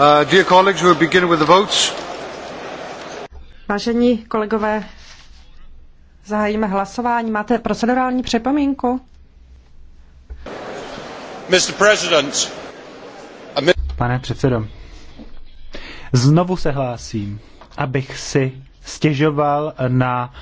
Uh, dear colleagues, we'll begin with the votes. Vážení kolegové, zahájíme hlasování. Máte procedurální připomínku? Mr. President, Pane předsedo, znovu se hlásím, abych si stěžoval na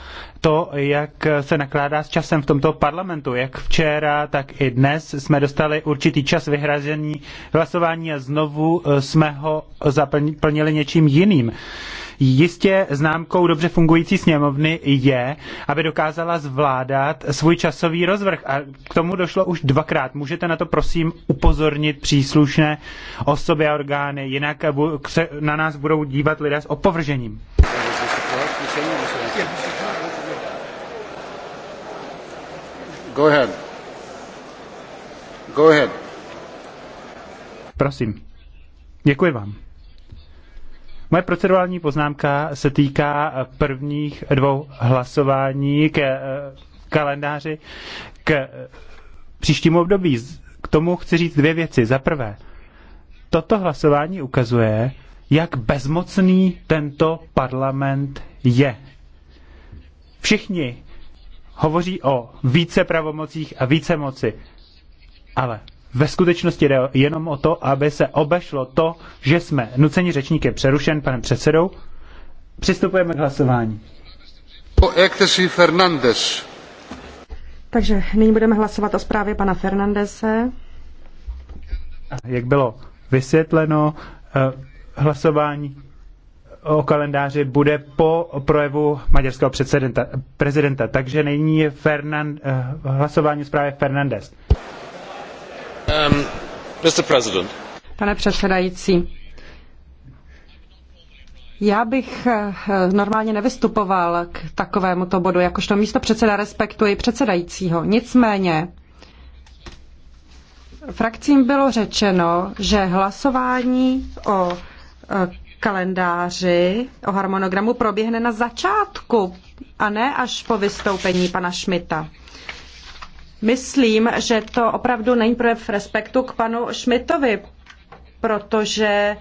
to, jak se nakládá s časem v tomto parlamentu. Jak včera, tak i dnes jsme dostali určitý čas vyhrazený hlasování a znovu eh, jsme ho zaplnili něčím jiným. Jistě známkou dobře fungující sněmovny je, aby dokázala zvládat svůj časový rozvrh. A k tomu došlo už dvakrát. Můžete na to prosím upozornit příslušné osoby a orgány, jinak na nás budou dívat lidé s opovržením. No, no, no. Go ahead. Go ahead. Prosím. Děkuji vám. Moje procedurální poznámka se týká eh, prvních dvou hlasování k eh, kalendáři k eh, příštímu období. K tomu chci říct dvě věci. Za prvé, toto hlasování ukazuje, jak bezmocný tento parlament je. Všichni hovoří o více pravomocích a více moci, ale ve skutečnosti jde jenom o to, aby se obešlo to, že jsme nuceni řečníkem přerušen panem předsedou. Přistupujeme k hlasování. Po ekteři Fernandez. Takže nyní budeme hlasovat o zprávě pana Fernandese. Jak bylo vysvětleno, eh, hlasování o kalendáři bude po projevu maďarského prezidenta. Takže není je Fernand, eh, hlasování zprávy Fernandez. Um, Mr. President. Pane předsedající, já bych eh, normálně nevystupoval k takovému to bodu, jakožto místo předseda respektuji předsedajícího. Nicméně frakcím bylo řečeno, že hlasování o kalendáři, o harmonogramu proběhne na začátku a ne až po vystoupení pana Šmita. Myslím, že to opravdu není projev respektu k panu Šmitovi, protože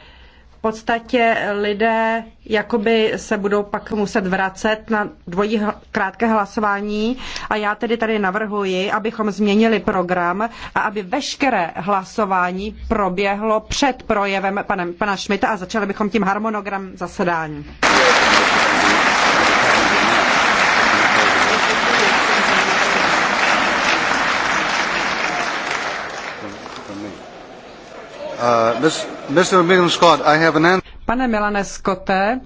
podstatě lidé jakoby se budou pak muset vracet na dvojí krátké hlasování a já tedy tady navrhuji, abychom změnili program a aby veškeré hlasování proběhlo před projevem panem, pana Šmita a začali bychom tím harmonogram zasedání. Uh, this... Pane Milane Scotte,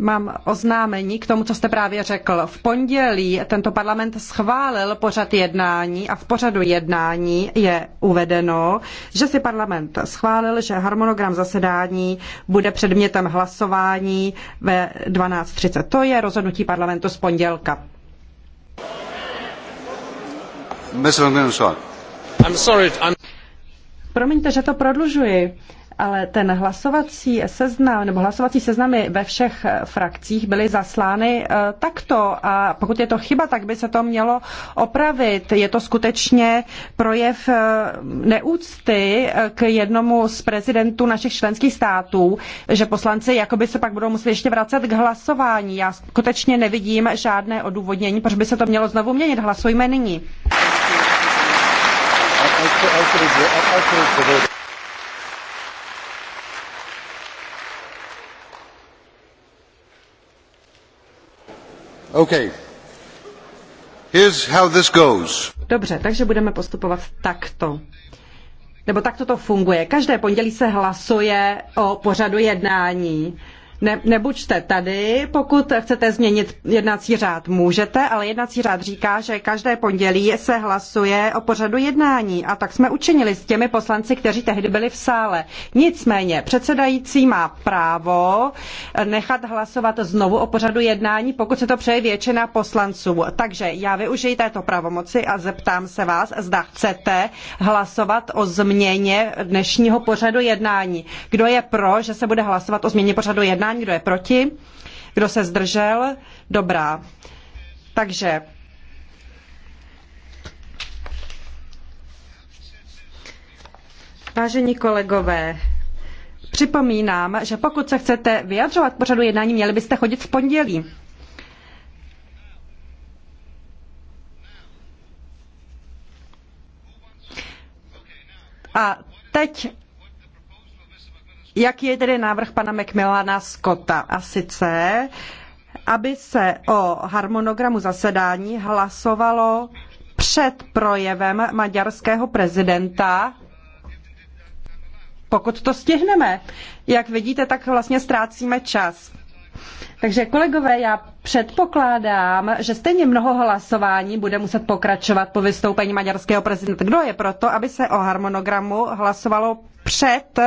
Mám oznámení k tomu, co jste právě řekl. V pondělí tento parlament schválil pořad jednání a v pořadu jednání je uvedeno, že si parlament schválil, že harmonogram zasedání bude předmětem hlasování ve 12.30. To je rozhodnutí parlamentu z pondělka. Promiňte, že to prodlužuji ale ten hlasovací seznam nebo hlasovací seznamy ve všech frakcích byly zaslány takto a pokud je to chyba, tak by se to mělo opravit. Je to skutečně projev neúcty k jednomu z prezidentů našich členských států, že poslanci jakoby se pak budou muset ještě vracet k hlasování. Já skutečně nevidím žádné odůvodnění, proč by se to mělo znovu měnit. Hlasujme nyní. Dobře, takže budeme postupovat takto. Nebo takto to funguje. Každé pondělí se hlasuje o pořadu jednání. Ne, nebuďte tady, pokud chcete změnit jednací řád, můžete, ale jednací řád říká, že každé pondělí se hlasuje o pořadu jednání a tak jsme učinili s těmi poslanci, kteří tehdy byli v sále. Nicméně předsedající má právo nechat hlasovat znovu o pořadu jednání, pokud se to přeje většina poslanců. Takže já využiji této pravomoci a zeptám se vás, zda chcete hlasovat o změně dnešního pořadu jednání. Kdo je pro, že se bude hlasovat o změně pořadu jednání? jednání, kdo je proti, kdo se zdržel, dobrá. Takže Vážení kolegové, připomínám, že pokud se chcete vyjadřovat k pořadu jednání, měli byste chodit v pondělí. A teď jak je tedy návrh pana McMillana Scotta? A sice, aby se o harmonogramu zasedání hlasovalo před projevem maďarského prezidenta, pokud to stihneme. Jak vidíte, tak vlastně ztrácíme čas. Takže kolegové, já předpokládám, že stejně mnoho hlasování bude muset pokračovat po vystoupení maďarského prezidenta. Kdo je proto, aby se o harmonogramu hlasovalo před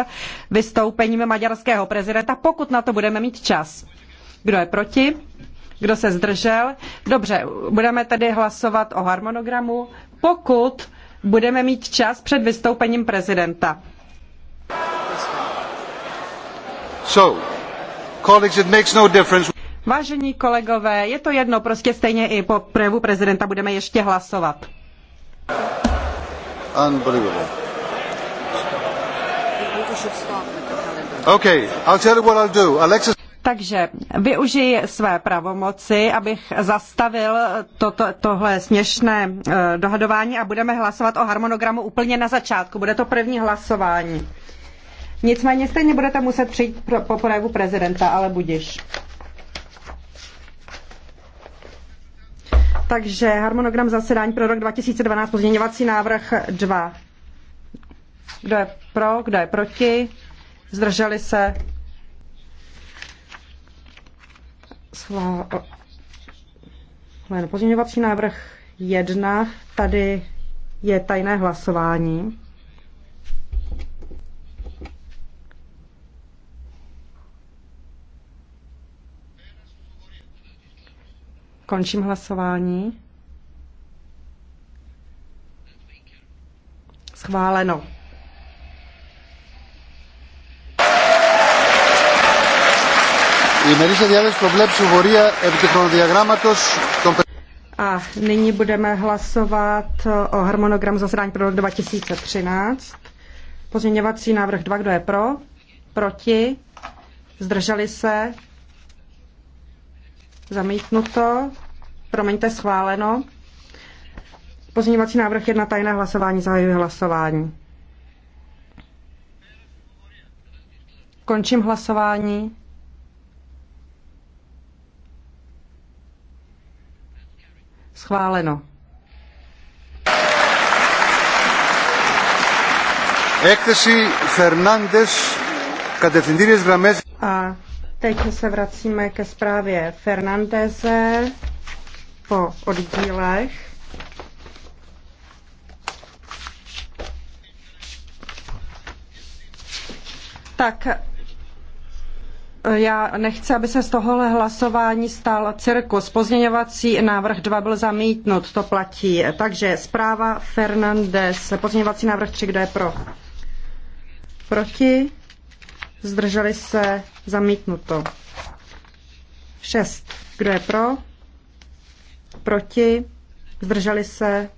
vystoupením maďarského prezidenta, pokud na to budeme mít čas? Kdo je proti? Kdo se zdržel? Dobře, budeme tedy hlasovat o harmonogramu, pokud budeme mít čas před vystoupením prezidenta. So, colleagues, it makes no difference. Vážení kolegové, je to jedno, prostě stejně i po projevu prezidenta budeme ještě hlasovat. Unbelievable. Okay, I'll tell you what I'll do. Alexis... Takže využiji své pravomoci, abych zastavil toto, tohle směšné eh, dohadování a budeme hlasovat o harmonogramu úplně na začátku. Bude to první hlasování. Nicméně stejně budete muset přijít pro, po projevu prezidenta, ale budiš. Takže harmonogram zasedání pro rok 2012, pozměňovací návrh 2. Kdo je pro, kdo je proti? Zdrželi se? pozměňovací návrh 1. Tady je tajné hlasování. Končím hlasování. Schváleno. a nyní budeme hlasovat o harmonogramu zasedání pro rok 2013. Pozměňovací návrh 2, kdo je pro? Proti? Zdrželi se? Zamítnuto. Promiňte, schváleno. Pozměňovací návrh na Tajné hlasování. Zahajuji hlasování. Končím hlasování. Schváleno. Έκθεση Φερνάντες, κατευθυντήριες γραμμές. Α, Teď se vracíme ke zprávě Fernandeze po oddílech. Tak já nechci, aby se z tohohle hlasování stal cirkus. Pozměňovací návrh 2 byl zamítnut, to platí. Takže zpráva Fernandez. Pozměňovací návrh 3, kdo je pro? Proti? Zdrželi se? Zamítnuto. 6. Kdo je pro? Proti? Zdrželi se?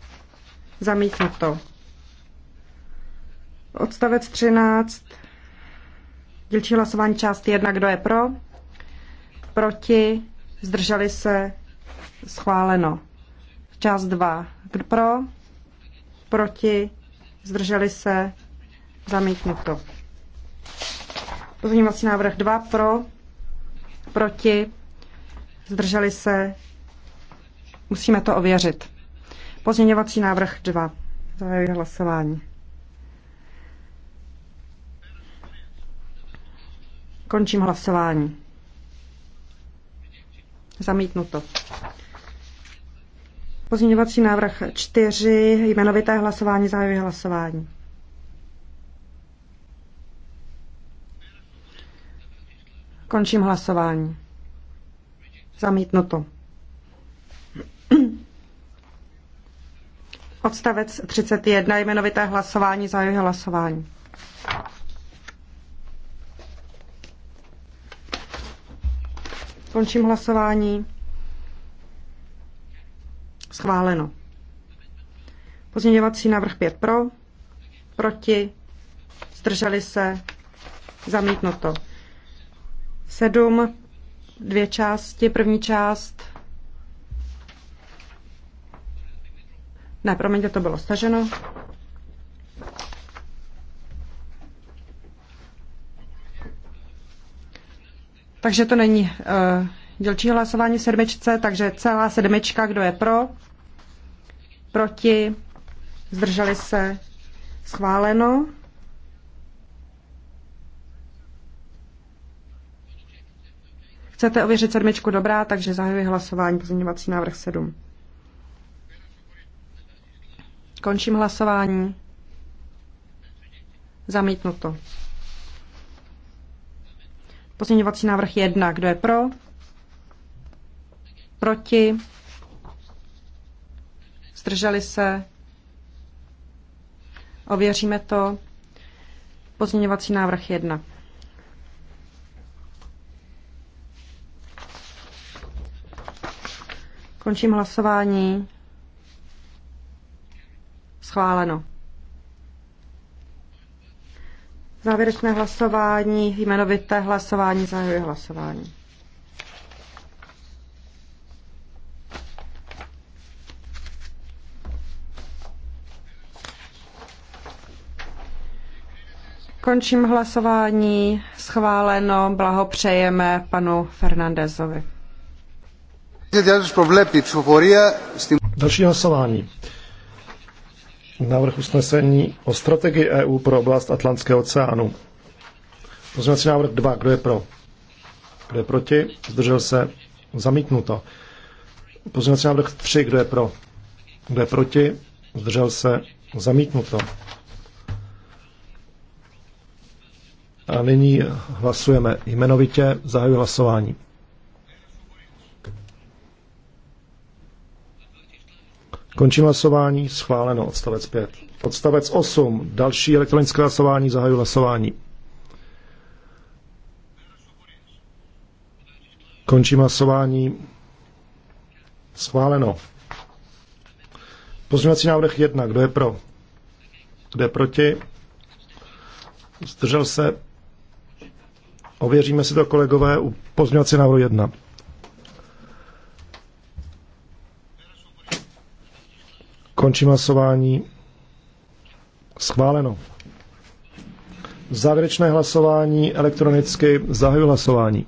Zamítnuto. Odstavec 13. Dělčí hlasování část 1. Kdo je pro? Proti? Zdrželi se? Schváleno. Část 2. Kdo pro? Proti? Zdrželi se? Zamítnuto. Pozměňovací návrh 2 pro, proti, zdrželi se, musíme to ověřit. Pozměňovací návrh 2. Zahajuji hlasování. Končím hlasování. Zamítnuto. Pozměňovací návrh 4. Jmenovité hlasování. Zahajuji hlasování. Končím hlasování. Zamítnuto. Odstavec 31, jmenovité hlasování, zahajuji hlasování. Končím hlasování. Schváleno. Pozměňovací návrh 5 pro, proti, zdrželi se, zamítnuto. Sedm dvě části. První část. Ne, promiňte, to bylo staženo. Takže to není uh, eh, dělčí hlasování sedmičce, takže celá sedmička, kdo je pro, proti, zdrželi se, schváleno. Chcete ověřit sedmičku dobrá, takže zahajuji hlasování pozměňovací návrh 7. Končím hlasování. Zamítnuto. Pozměňovací návrh 1. Kdo je pro? Proti? Zdrželi se? Ověříme to. Pozměňovací návrh 1. Končím hlasování. Schváleno. Závěrečné hlasování, jmenovité hlasování, zahajuje hlasování. Končím hlasování. Schváleno. Blahopřejeme panu Fernandezovi. Další hlasování. Návrh usnesení o strategii EU pro oblast Atlantského oceánu. Pozměňovací návrh 2. Kdo je pro? Kdo je proti? Zdržel se? Zamítnuto. Pozměňovací návrh 3. Kdo je pro? Kdo je proti? Zdržel se? Zamítnuto. A nyní hlasujeme jmenovitě. Zahajuji hlasování. Končím hlasování. Schváleno. Odstavec 5. Odstavec 8. Další elektronické hlasování. Zahajuji hlasování. Končím hlasování. Schváleno. Pozměňovací návrh 1. Kdo je pro? Kdo je proti? Zdržel se? Ověříme si to, kolegové, u pozměňovací návrhu 1. Končím hlasování. Schváleno. Závěrečné hlasování elektronicky. Zahajuji hlasování.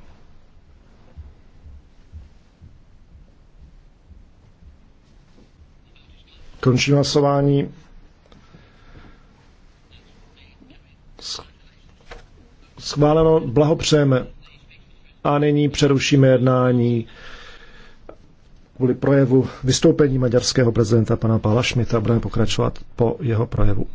Končím hlasování. Schváleno, blahopřejeme. A nyní přerušíme jednání kvůli projevu vystoupení maďarského prezidenta pana Pála Šmita. Budeme pokračovat po jeho projevu.